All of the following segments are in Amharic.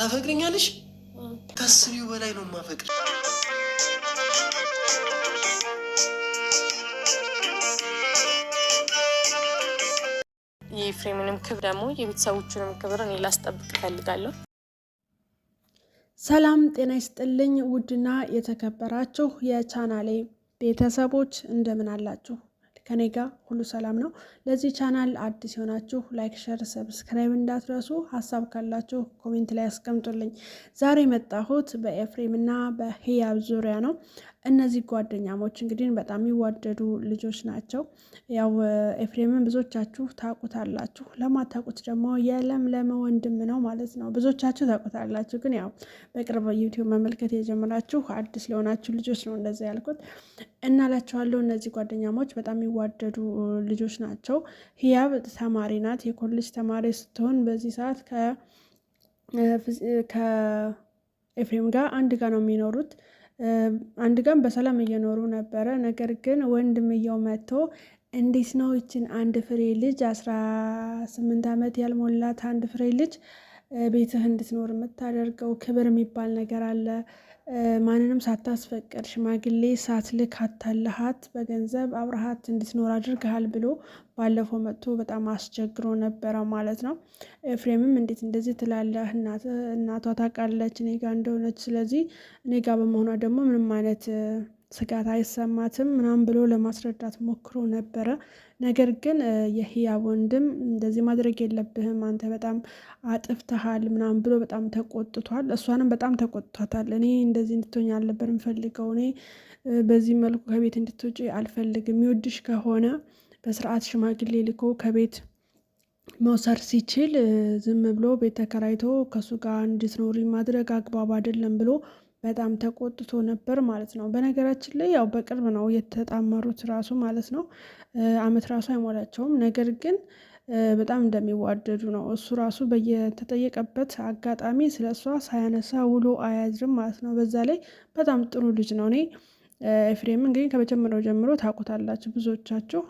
ታፈቅርኛለሽ? ከስሪው በላይ ነው ማፈቅር። የኤፍሬምንም ክብር ደግሞ የቤተሰቦቹንም ክብር እኔ ላስጠብቅ እፈልጋለሁ። ሰላም ጤና ይስጥልኝ። ውድና የተከበራችሁ የቻናሌ ቤተሰቦች እንደምን አላችሁ? ከኔ ጋር ሁሉ ሰላም ነው። ለዚህ ቻናል አዲስ የሆናችሁ ላይክ፣ ሸር፣ ሰብስክራይብ እንዳትረሱ። ሀሳብ ካላችሁ ኮሜንት ላይ ያስቀምጡልኝ። ዛሬ መጣሁት በኤፍሬም እና በህያብ ዙሪያ ነው። እነዚህ ጓደኛሞች እንግዲህ በጣም የሚዋደዱ ልጆች ናቸው። ያው ኤፍሬምን ብዙዎቻችሁ ታውቁታላችሁ፣ ለማታውቁት ደግሞ የለምለመ ወንድም ነው ማለት ነው። ብዙዎቻችሁ ታውቁታላችሁ፣ ግን ያው በቅርብ ዩቲዩብ መመልከት የጀመራችሁ አዲስ ለሆናችሁ ልጆች ነው እንደዚ ያልኩት እናላቸዋለሁ። እነዚህ ጓደኛሞች በጣም የሚዋደዱ ልጆች ናቸው። ህያብ ተማሪ ናት፣ የኮሌጅ ተማሪ ስትሆን በዚህ ሰዓት ከኤፍሬም ጋር አንድ ጋር ነው የሚኖሩት አንድ ቀን በሰላም እየኖሩ ነበረ። ነገር ግን ወንድምየው መጥቶ እንዴት ነው ይችን አንድ ፍሬ ልጅ አስራ ስምንት ዓመት ያልሞላት አንድ ፍሬ ልጅ ቤትህ እንድትኖር የምታደርገው? ክብር የሚባል ነገር አለ ማንንም ሳታስፈቅድ ሽማግሌ ሳትልክ አታለሃት በገንዘብ አብረሃት እንድትኖር አድርገሃል ብሎ ባለፈው መጥቶ በጣም አስቸግሮ ነበረ ማለት ነው። ኤፍሬምም እንዴት እንደዚህ ትላለህ? እናቷ ታውቃለች እኔ ጋ እንደሆነች። ስለዚህ እኔ ጋ በመሆኗ ደግሞ ምንም አይነት ስጋት አይሰማትም ምናምን ብሎ ለማስረዳት ሞክሮ ነበረ። ነገር ግን የህያ ወንድም እንደዚህ ማድረግ የለብህም አንተ በጣም አጥፍተሃል ምናምን ብሎ በጣም ተቆጥቷል። እሷንም በጣም ተቆጥቷታል። እኔ እንደዚህ እንድትሆኝ አልነበር ምፈልገው፣ እኔ በዚህ መልኩ ከቤት እንድትውጪ አልፈልግም። ይወድሽ ከሆነ በስርዓት ሽማግሌ ልኮ ከቤት መውሰድ ሲችል ዝም ብሎ ቤት ተከራይቶ ከሱ ጋር እንድትኖሪ ማድረግ አግባብ አይደለም ብሎ በጣም ተቆጥቶ ነበር ማለት ነው። በነገራችን ላይ ያው በቅርብ ነው የተጣመሩት ራሱ ማለት ነው። አመት ራሱ አይሞላቸውም። ነገር ግን በጣም እንደሚዋደዱ ነው። እሱ ራሱ በየተጠየቀበት አጋጣሚ ስለ እሷ ሳያነሳ ውሎ አያድርም ማለት ነው። በዛ ላይ በጣም ጥሩ ልጅ ነው እኔ ኤፍሬም እንግዲህ ከመጀመሪያው ጀምሮ ታውቁታላችሁ ብዙዎቻችሁ።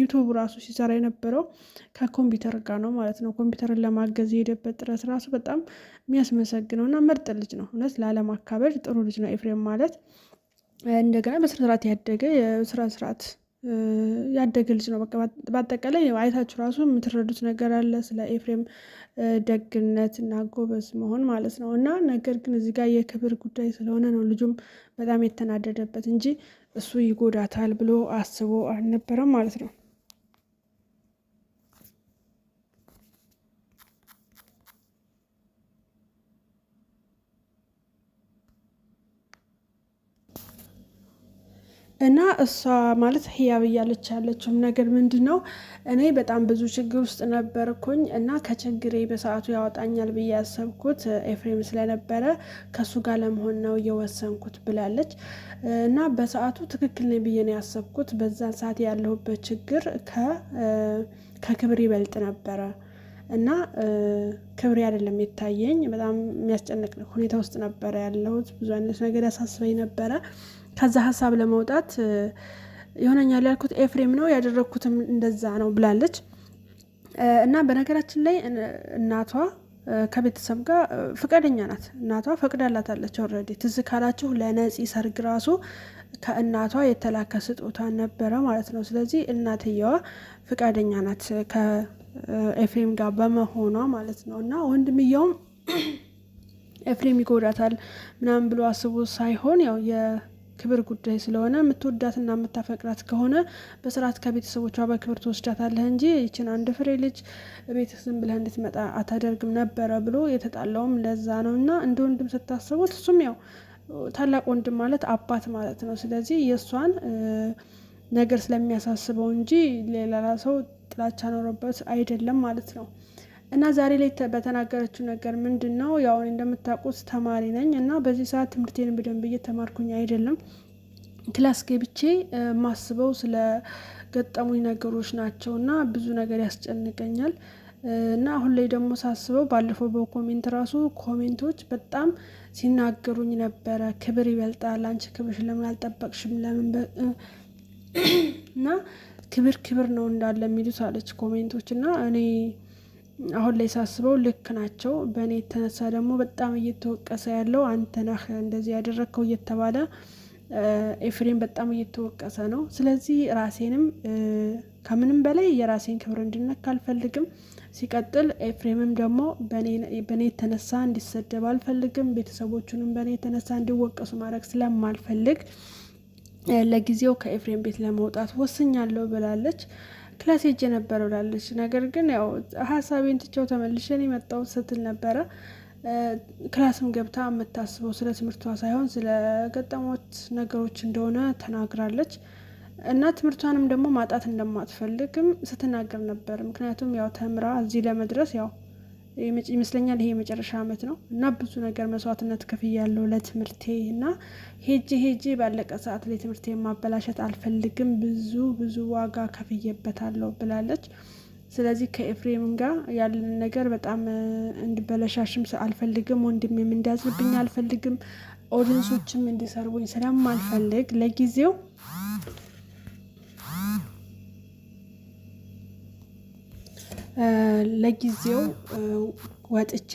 ዩቱብ ራሱ ሲሰራ የነበረው ከኮምፒውተር ጋር ነው ማለት ነው። ኮምፒውተርን ለማገዝ የሄደበት ጥረት ራሱ በጣም የሚያስመሰግነው እና ምርጥ ልጅ ነው እውነት። ለዓለም አካባቢ ጥሩ ልጅ ነው ኤፍሬም ማለት እንደገና በስነስርዓት ያደገ የስነ ስርዓት ያደገ ልጅ ነው። በአጠቃላይ አይታችሁ ራሱ የምትረዱት ነገር አለ ስለ ኤፍሬም ደግነት እና ጎበዝ መሆን ማለት ነው። እና ነገር ግን እዚህ ጋር የክብር ጉዳይ ስለሆነ ነው ልጁም በጣም የተናደደበት እንጂ እሱ ይጎዳታል ብሎ አስቦ አልነበረም ማለት ነው። እና እሷ ማለት ህያብ እያለች ያለችው ነገር ምንድን ነው? እኔ በጣም ብዙ ችግር ውስጥ ነበርኩኝ እና ከችግሬ በሰዓቱ ያወጣኛል ብዬ ያሰብኩት ኤፍሬም ስለነበረ ከእሱ ጋር ለመሆን ነው እየወሰንኩት ብላለች። እና በሰዓቱ ትክክል ነኝ ብዬ ነው ያሰብኩት። በዛን ሰዓት ያለሁበት ችግር ከክብር ይበልጥ ነበረ እና ክብሬ አይደለም የታየኝ። በጣም የሚያስጨንቅ ሁኔታ ውስጥ ነበረ ያለሁት። ብዙ አይነት ነገር ያሳስበኝ ነበረ ከዛ ሀሳብ ለመውጣት ይሆነኛል ያልኩት ኤፍሬም ነው ያደረግኩትም እንደዛ ነው ብላለች። እና በነገራችን ላይ እናቷ ከቤተሰብ ጋር ፍቃደኛ ናት። እናቷ ፈቅዳላታለች። ኦልሬዲ ትዝ ካላችሁ ለነፂ ሰርግ ራሱ ከእናቷ የተላከ ስጦታ ነበረ ማለት ነው። ስለዚህ እናትየዋ ፍቃደኛ ናት ከኤፍሬም ጋር በመሆኗ ማለት ነው። እና ወንድምየውም ኤፍሬም ይጎዳታል ምናምን ብሎ አስቦ ሳይሆን ያው ክብር ጉዳይ ስለሆነ የምትወዳትና የምታፈቅራት ከሆነ በስርዓት ከቤተሰቦቿ በክብር ትወስዳታለህ እንጂ ይችን አንድ ፍሬ ልጅ ቤት ዝም ብለህ እንድትመጣ አታደርግም ነበረ ብሎ የተጣላውም ለዛ ነው እና እንደ ወንድም ስታስቡት እሱም ያው ታላቅ ወንድም ማለት አባት ማለት ነው። ስለዚህ የእሷን ነገር ስለሚያሳስበው እንጂ ሌላ ሰው ጥላቻ ኖረበት አይደለም ማለት ነው። እና ዛሬ ላይ በተናገረችው ነገር ምንድን ነው? ያው እንደምታውቁት ተማሪ ነኝ እና በዚህ ሰዓት ትምህርቴን በደንብ እየተማርኩኝ አይደለም። ክላስ ገብቼ ማስበው ስለ ገጠሙኝ ነገሮች ናቸው እና ብዙ ነገር ያስጨንቀኛል እና አሁን ላይ ደግሞ ሳስበው ባለፈው በኮሜንት ራሱ ኮሜንቶች በጣም ሲናገሩኝ ነበረ። ክብር ይበልጣል፣ አንቺ ክብርሽ ለምን አልጠበቅሽም? ለምን እና ክብር ክብር ነው እንዳለ የሚሉት አለች ኮሜንቶች እና እኔ አሁን ላይ ሳስበው ልክ ናቸው። በእኔ የተነሳ ደግሞ በጣም እየተወቀሰ ያለው አንተ ነህ እንደዚህ ያደረግከው እየተባለ ኤፍሬም በጣም እየተወቀሰ ነው። ስለዚህ ራሴንም ከምንም በላይ የራሴን ክብር እንዲነካ አልፈልግም። ሲቀጥል ኤፍሬምም ደግሞ በእኔ የተነሳ እንዲሰደብ አልፈልግም። ቤተሰቦቹንም በእኔ የተነሳ እንዲወቀሱ ማድረግ ስለማልፈልግ ለጊዜው ከኤፍሬም ቤት ለመውጣት ወስኛለሁ ብላለች። ክላስ ሄጄ ነበር ብላለች። ነገር ግን ያው ሀሳቤን ትቼው ተመልሸን የመጣው ስትል ነበረ። ክላስም ገብታ የምታስበው ስለ ትምህርቷ ሳይሆን ስለ ገጠሟት ነገሮች እንደሆነ ተናግራለች። እና ትምህርቷንም ደግሞ ማጣት እንደማትፈልግም ስትናገር ነበር። ምክንያቱም ያው ተምራ እዚህ ለመድረስ ያው ይመስለኛል ይሄ የመጨረሻ ዓመት ነው እና ብዙ ነገር መስዋዕትነት ከፍያ ያለው ለትምህርቴ እና ሄጄ ሄጄ ባለቀ ሰዓት ላይ ትምህርቴ ማበላሸት አልፈልግም፣ ብዙ ብዙ ዋጋ ከፍዬበታለሁ ብላለች። ስለዚህ ከኤፍሬም ጋር ያለን ነገር በጣም እንዲበለሻሽም አልፈልግም፣ ወንድሜም እንዲያዝብኝ አልፈልግም፣ ኦዲንሶችም እንዲሰርቡኝ ስለማልፈልግ ለጊዜው ለጊዜው ወጥቼ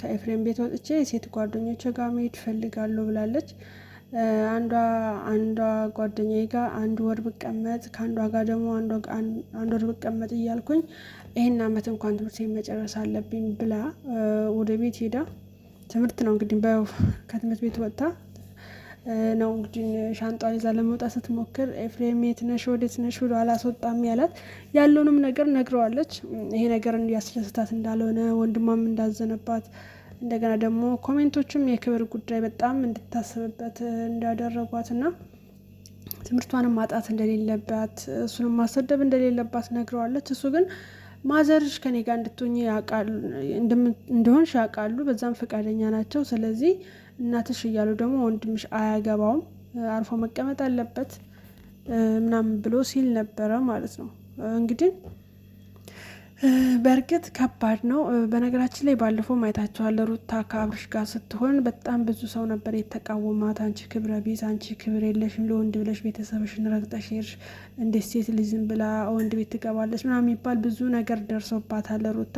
ከኤፍሬም ቤት ወጥቼ የሴት ጓደኞች ጋር መሄድ እፈልጋለሁ ብላለች። አንዷ አንዷ ጓደኛ ጋ አንድ ወር ብቀመጥ ከአንዷ ጋር ደግሞ አንድ ወር ብቀመጥ እያልኩኝ ይህን ዓመት እንኳን ትምህርት መጨረስ አለብኝ ብላ ወደ ቤት ሄዳ ትምህርት ነው እንግዲህ ከትምህርት ቤት ወጥታ ነው እንግዲህ ሻንጧን ይዛ ለመውጣት ስትሞክር ኤፍሬም የት ነሽ ወዴት ነሽ ብሎ አላስወጣም ያላት። ያለውንም ነገር ነግረዋለች። ይሄ ነገር እንዲያስደስታት እንዳልሆነ ወንድሟም እንዳዘነባት እንደገና ደግሞ ኮሜንቶቹም የክብር ጉዳይ በጣም እንድታስብበት ና ትምህርቷንም ማጣት እንደሌለባት እሱንም ማሰደብ እንደሌለባት ነግረዋለች። እሱ ግን ማዘርሽ ከኔ ጋር እንድትሆኝ እንደሆንሽ ያውቃሉ፣ በዛም ፈቃደኛ ናቸው። ስለዚህ እናትሽ እያሉ ደግሞ ወንድምሽ አያገባውም አርፎ መቀመጥ አለበት ምናምን ብሎ ሲል ነበረ ማለት ነው እንግዲህ በእርግጥ ከባድ ነው። በነገራችን ላይ ባለፈው ማየታቸዋለ ሩታ ከአብርሽ ጋር ስትሆን በጣም ብዙ ሰው ነበር የተቃወማት። አንቺ ክብረ ቢስ፣ አንቺ ክብር የለሽም፣ ለወንድ ብለሽ ቤተሰብሽን ረግጠሽ ሄድሽ፣ እንደ ሴት ልጅ ብላ ወንድ ቤት ትገባለች ምናምን የሚባል ብዙ ነገር ደርሶባታል ሩታ።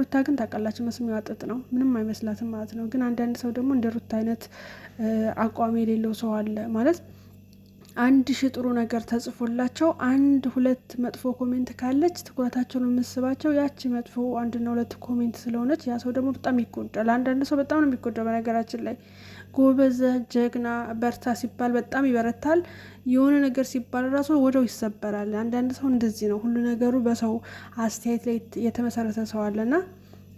ሩታ ግን ታውቃላችሁ መስሚዋ ጥጥ ነው፣ ምንም አይመስላትም ማለት ነው። ግን አንዳንድ ሰው ደግሞ እንደ ሩታ አይነት አቋም የሌለው ሰው አለ ማለት አንድ ሺ ጥሩ ነገር ተጽፎላቸው አንድ ሁለት መጥፎ ኮሜንት ካለች ትኩረታቸውን የምስባቸው ያቺ መጥፎ አንድና ሁለት ኮሜንት ስለሆነች ያ ሰው ደግሞ በጣም ይጎዳል። አንዳንድ ሰው በጣም ነው የሚጎዳው። በነገራችን ላይ ጎበዘ፣ ጀግና፣ በርታ ሲባል በጣም ይበረታል። የሆነ ነገር ሲባል ራሱ ወደው ይሰበራል። አንዳንድ ሰው እንደዚህ ነው። ሁሉ ነገሩ በሰው አስተያየት ላይ የተመሰረተ ሰው አለና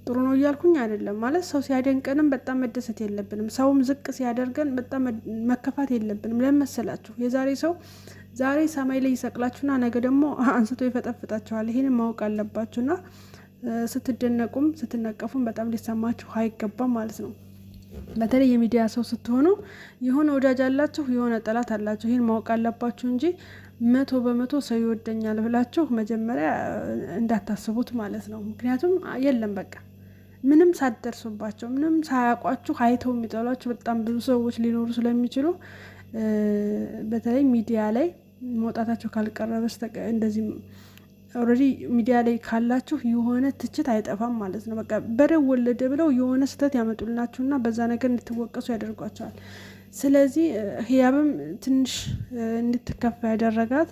ጥሩ ነው እያልኩኝ አይደለም ማለት ሰው ሲያደንቀንም በጣም መደሰት የለብንም። ሰውም ዝቅ ሲያደርገን በጣም መከፋት የለብንም። ለምን መሰላችሁ? የዛሬ ሰው ዛሬ ሰማይ ላይ ይሰቅላችሁና ነገ ደግሞ አንስቶ ይፈጠፍጣችኋል። ይህንን ማወቅ አለባችሁና ስትደነቁም ስትነቀፉም በጣም ሊሰማችሁ አይገባም ማለት ነው። በተለይ የሚዲያ ሰው ስትሆኑ የሆነ ወዳጅ አላችሁ፣ የሆነ ጠላት አላችሁ። ይህን ማወቅ አለባችሁ እንጂ መቶ በመቶ ሰው ይወደኛል ብላችሁ መጀመሪያ እንዳታስቡት ማለት ነው። ምክንያቱም የለም በቃ ምንም ሳትደርሱባቸው ምንም ሳያውቋችሁ አይተው የሚጠሏችሁ በጣም ብዙ ሰዎች ሊኖሩ ስለሚችሉ በተለይ ሚዲያ ላይ መውጣታቸው ካልቀረ እንደዚህ ኦልሬዲ ሚዲያ ላይ ካላችሁ የሆነ ትችት አይጠፋም ማለት ነው። በቃ በደብ ወለደ ብለው የሆነ ስህተት እና በዛ ነገር እንድትወቀሱ ያደርጓቸዋል። ስለዚህ ህያብም ትንሽ እንድትከፋ ያደረጋት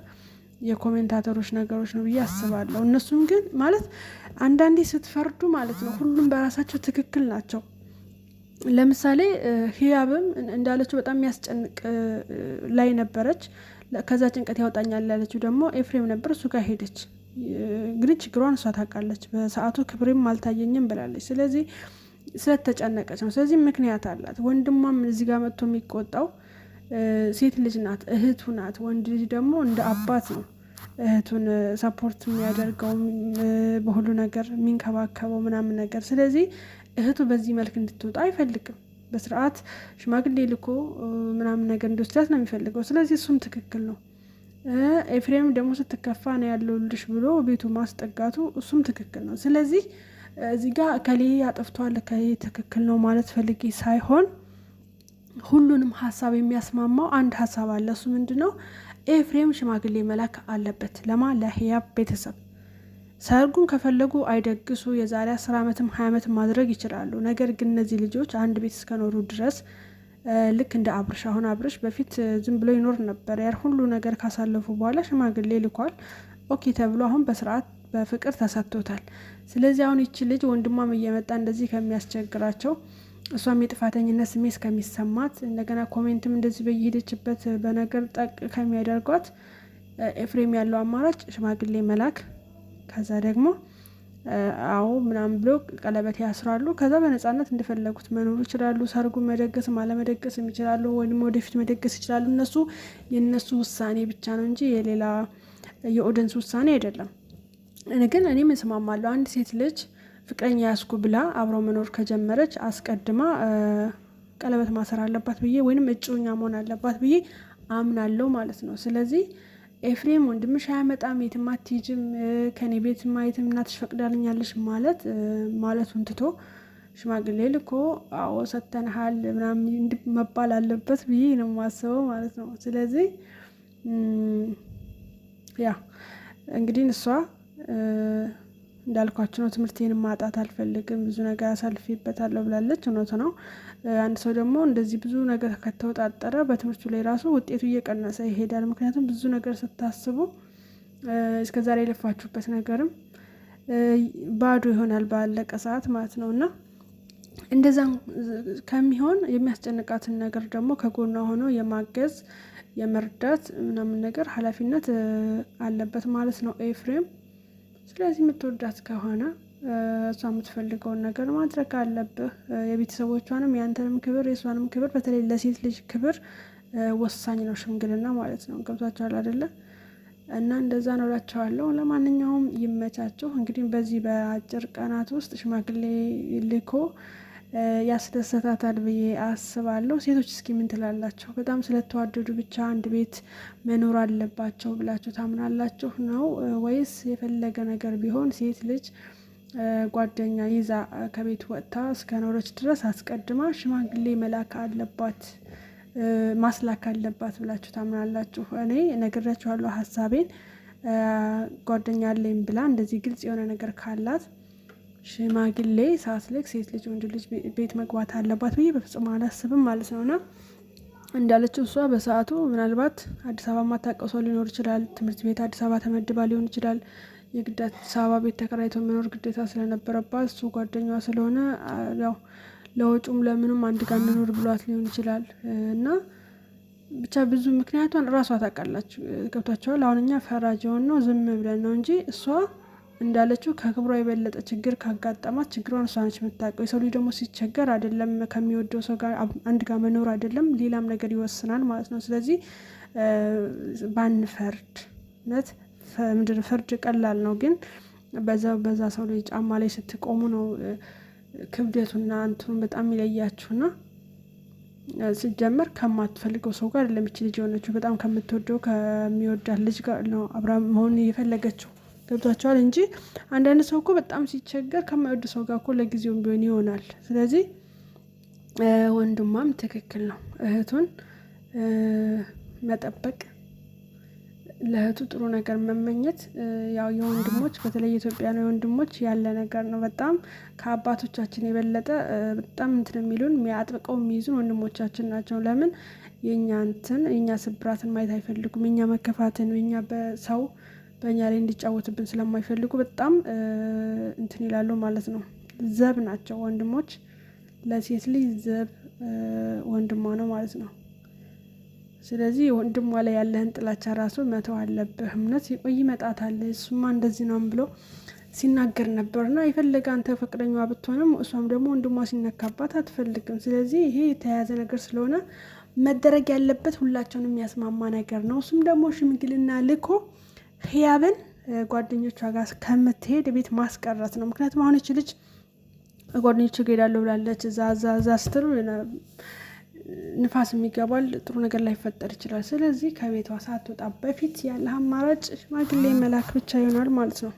የኮሜንታተሮች ነገሮች ነው ብዬ አስባለሁ። እነሱም ግን ማለት አንዳንዴ ስትፈርዱ ማለት ነው ሁሉም በራሳቸው ትክክል ናቸው። ለምሳሌ ህያብም እንዳለችው በጣም የሚያስጨንቅ ላይ ነበረች። ከዛ ጭንቀት ያወጣኛል ያለችው ደግሞ ኤፍሬም ነበር። እሱ ጋር ሄደች። እንግዲህ ችግሯን እሷ ታውቃለች። በሰዓቱ ክብሬም አልታየኝም ብላለች። ስለዚህ ስለተጨነቀች ነው። ስለዚህ ምክንያት አላት። ወንድሟም እዚህ ጋር መጥቶ የሚቆጣው ሴት ልጅ ናት፣ እህቱ ናት። ወንድ ልጅ ደግሞ እንደ አባት ነው። እህቱን ሰፖርት የሚያደርገው በሁሉ ነገር የሚንከባከበው ምናምን ነገር። ስለዚህ እህቱ በዚህ መልክ እንድትወጣ አይፈልግም። በስርዓት ሽማግሌ ልኮ ምናምን ነገር እንድወስዳት ነው የሚፈልገው። ስለዚህ እሱም ትክክል ነው። ኤፍሬም ደግሞ ስትከፋ ነው ልሽ ብሎ ቤቱ ማስጠጋቱ እሱም ትክክል ነው። ስለዚህ እዚህ ጋር እከሌ አጥፍቷል እከሌ ትክክል ነው ማለት ፈልጌ ሳይሆን ሁሉንም ሀሳብ የሚያስማማው አንድ ሀሳብ አለ። እሱ ምንድን ነው? ኤፍሬም ሽማግሌ መላክ አለበት። ለማ ለህያብ ቤተሰብ ሰርጉን ከፈለጉ አይደግሱ። የዛሬ አስር ዓመትም ሀያ ዓመትም ማድረግ ይችላሉ። ነገር ግን እነዚህ ልጆች አንድ ቤት እስከኖሩ ድረስ ልክ እንደ አብርሽ አሁን አብርሽ በፊት ዝም ብሎ ይኖር ነበር። ያር ሁሉ ነገር ካሳለፉ በኋላ ሽማግሌ ልኳል ኦኬ ተብሎ አሁን በስርዓት በፍቅር ተሰጥቶታል። ስለዚህ አሁን ይቺ ልጅ ወንድሟም እየመጣ እንደዚህ ከሚያስቸግራቸው እሷም የጥፋተኝነት ስሜት እስከሚሰማት እንደገና ኮሜንትም እንደዚህ በየሄደችበት በነገር ጠቅ ከሚያደርጓት ኤፍሬም ያለው አማራጭ ሽማግሌ መላክ፣ ከዛ ደግሞ አዎ ምናምን ብሎ ቀለበት ያስራሉ። ከዛ በነጻነት እንደፈለጉት መኖሩ ይችላሉ። ሰርጉ መደገስም አለመደገስም ይችላሉ፣ ወይም ወደፊት መደገስ ይችላሉ። እነሱ የእነሱ ውሳኔ ብቻ ነው እንጂ የሌላ የኦደንስ ውሳኔ አይደለም። ግን እኔም እስማማለሁ አንድ ሴት ልጅ ፍቅረኛ ያስኩ ብላ አብረው መኖር ከጀመረች አስቀድማ ቀለበት ማሰር አለባት ብዬ ወይንም እጩኛ መሆን አለባት ብዬ አምናለው ማለት ነው። ስለዚህ ኤፍሬም ወንድምሽ አያመጣም፣ የትም አትሄጂም፣ ከኔ ቤት ማየትም እናትሽ ፈቅዳልኛለሽ ማለት ማለቱን ትቶ ሽማግሌ ልኮ አዎ ሰተንሃል ምናምን እንዲህ መባል አለበት ብዬ ነው የማስበው ማለት ነው። ስለዚህ ያ እንግዲህ እሷ እንዳልኳቸው ነው። ትምህርቴን ማጣት አልፈልግም፣ ብዙ ነገር አሳልፌበታለሁ ብላለች። እውነት ነው። አንድ ሰው ደግሞ እንደዚህ ብዙ ነገር ከተወጣጠረ በትምህርቱ ላይ ራሱ ውጤቱ እየቀነሰ ይሄዳል። ምክንያቱም ብዙ ነገር ስታስቡ እስከዛሬ የለፋችሁበት ነገርም ባዶ ይሆናል ባለቀ ሰዓት ማለት ነው እና እንደዛ ከሚሆን የሚያስጨንቃትን ነገር ደግሞ ከጎኗ ሆኖ የማገዝ የመርዳት ምናምን ነገር ኃላፊነት አለበት ማለት ነው ኤፍሬም። ስለዚህ የምትወዳት ከሆነ እሷ የምትፈልገውን ነገር ማድረግ አለብህ። የቤተሰቦቿንም የአንተንም ክብር የእሷንም ክብር፣ በተለይ ለሴት ልጅ ክብር ወሳኝ ነው ሽምግልና ማለት ነው። ገብቷችኋል አይደለ? እና እንደዛ ነው እላቸዋለሁ። ለማንኛውም ይመቻቸው። እንግዲህ በዚህ በአጭር ቀናት ውስጥ ሽማግሌ ልኮ ያስደሰታታል ብዬ አስባለሁ። ሴቶች እስኪ ምን ትላላቸው? በጣም ስለተዋደዱ ብቻ አንድ ቤት መኖር አለባቸው ብላችሁ ታምናላችሁ ነው ወይስ የፈለገ ነገር ቢሆን ሴት ልጅ ጓደኛ ይዛ ከቤት ወጥታ እስከ ኖረች ድረስ አስቀድማ ሽማግሌ መላክ አለባት ማስላክ አለባት ብላችሁ ታምናላችሁ? እኔ ነግሬያችኋለሁ ሀሳቤን። ጓደኛ አለኝ ብላ እንደዚህ ግልጽ የሆነ ነገር ካላት ሽማግሌ ሳስልክ ሴት ልጅ ወንድ ልጅ ቤት መግባት አለባት ብዬ በፍጹም አላስብም ማለት ነውና እንዳለችው እሷ በሰዓቱ ምናልባት አዲስ አበባ ማታቀሶ ሰው ሊኖር ይችላል። ትምህርት ቤት አዲስ አበባ ተመድባ ሊሆን ይችላል። የግድ አዲስ አበባ ቤት ተከራይቶ መኖር ግዴታ ስለነበረባት እሱ ጓደኛዋ ስለሆነ ያው ለወጩም ለምንም አንድ ጋር እንኖር ብሏት ሊሆን ይችላል እና ብቻ ብዙ ምክንያቷን እራሷ ታውቃላችሁ። ገብቷቸዋል። አሁን እኛ ፈራጅ የሆን ነው ዝም ብለን ነው እንጂ እሷ እንዳለችው ከክብሯ የበለጠ ችግር ካጋጠማት ችግሯን እሷ ነች የምታውቀው። የሰው ልጅ ደግሞ ሲቸገር አይደለም ከሚወደው ሰው ጋር አንድ ጋር መኖር አይደለም ሌላም ነገር ይወስናል ማለት ነው። ስለዚህ ባንፈርድ ነት ምንድን ፍርድ ቀላል ነው፣ ግን በዛ በዛ ሰው ልጅ ጫማ ላይ ስትቆሙ ነው ክብደቱና አንቱን በጣም ይለያችሁና ሲጀመር ከማትፈልገው ሰው ጋር አይደለም ልጅ የሆነችው፣ በጣም ከምትወደው ከሚወዳት ልጅ ጋር ነው አብራ መሆን እየፈለገችው ገብቷቸዋል እንጂ አንዳንድ ሰው እኮ በጣም ሲቸገር ከማይወድ ሰው ጋር እኮ ለጊዜውም ቢሆን ይሆናል። ስለዚህ ወንድሟም ትክክል ነው። እህቱን መጠበቅ ለእህቱ ጥሩ ነገር መመኘት ያው የወንድሞች በተለይ የኢትዮጵያ ነው የወንድሞች ያለ ነገር ነው። በጣም ከአባቶቻችን የበለጠ በጣም እንትን የሚሉን የሚያጥብቀው የሚይዙን ወንድሞቻችን ናቸው። ለምን የእኛ እንትን የእኛ ስብራትን ማየት አይፈልጉም። የእኛ መከፋትን የእኛ በሰው በእኛ ላይ እንዲጫወትብን ስለማይፈልጉ በጣም እንትን ይላሉ ማለት ነው። ዘብ ናቸው ወንድሞች። ለሴት ልጅ ዘብ ወንድሟ ነው ማለት ነው። ስለዚህ ወንድሟ ላይ ያለህን ጥላቻ ራሱ መተው አለብህ። እምነት ይቆይ ይመጣታል። እሱማ እንደዚህ ነው ብሎ ሲናገር ነበርና የፈለገ አንተ ፈቅደኛ ብትሆንም እሷም ደግሞ ወንድሟ ሲነካባት አትፈልግም። ስለዚህ ይሄ የተያያዘ ነገር ስለሆነ መደረግ ያለበት ሁላቸውን የሚያስማማ ነገር ነው። እሱም ደግሞ ሽምግልና ልኮ ህያብን ጓደኞቿ ጋር ከምትሄድ ቤት ማስቀረት ነው። ምክንያቱም አሁን ይች ልጅ ጓደኞቹ ጋር ብላለች። እዛ እዛ እዛ ንፋስ የሚገባል ጥሩ ነገር ላይፈጠር ይችላል። ስለዚህ ከቤቷ ሳትወጣ በፊት ያለ አማራጭ ሽማግሌ መላክ ብቻ ይሆናል ማለት ነው።